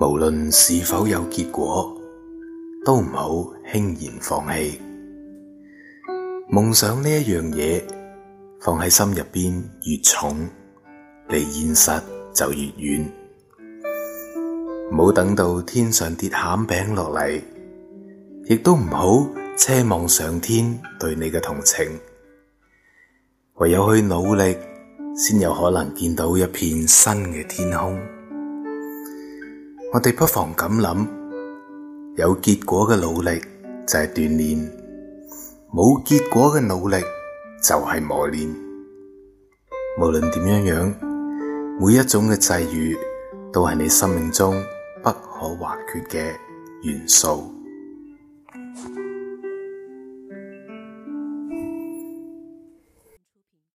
無論是否有結果，都唔好輕言放棄。夢想呢一樣嘢放喺心入邊越重，離現實就越遠。唔好等到天上跌餡餅落嚟，亦都唔好奢望上天對你嘅同情。唯有去努力，先有可能見到一片新嘅天空。我哋不妨咁諗，有結果嘅努力就係鍛煉，冇結果嘅努力就係磨練。無論點樣樣，每一種嘅際遇都係你生命中不可或缺嘅元素。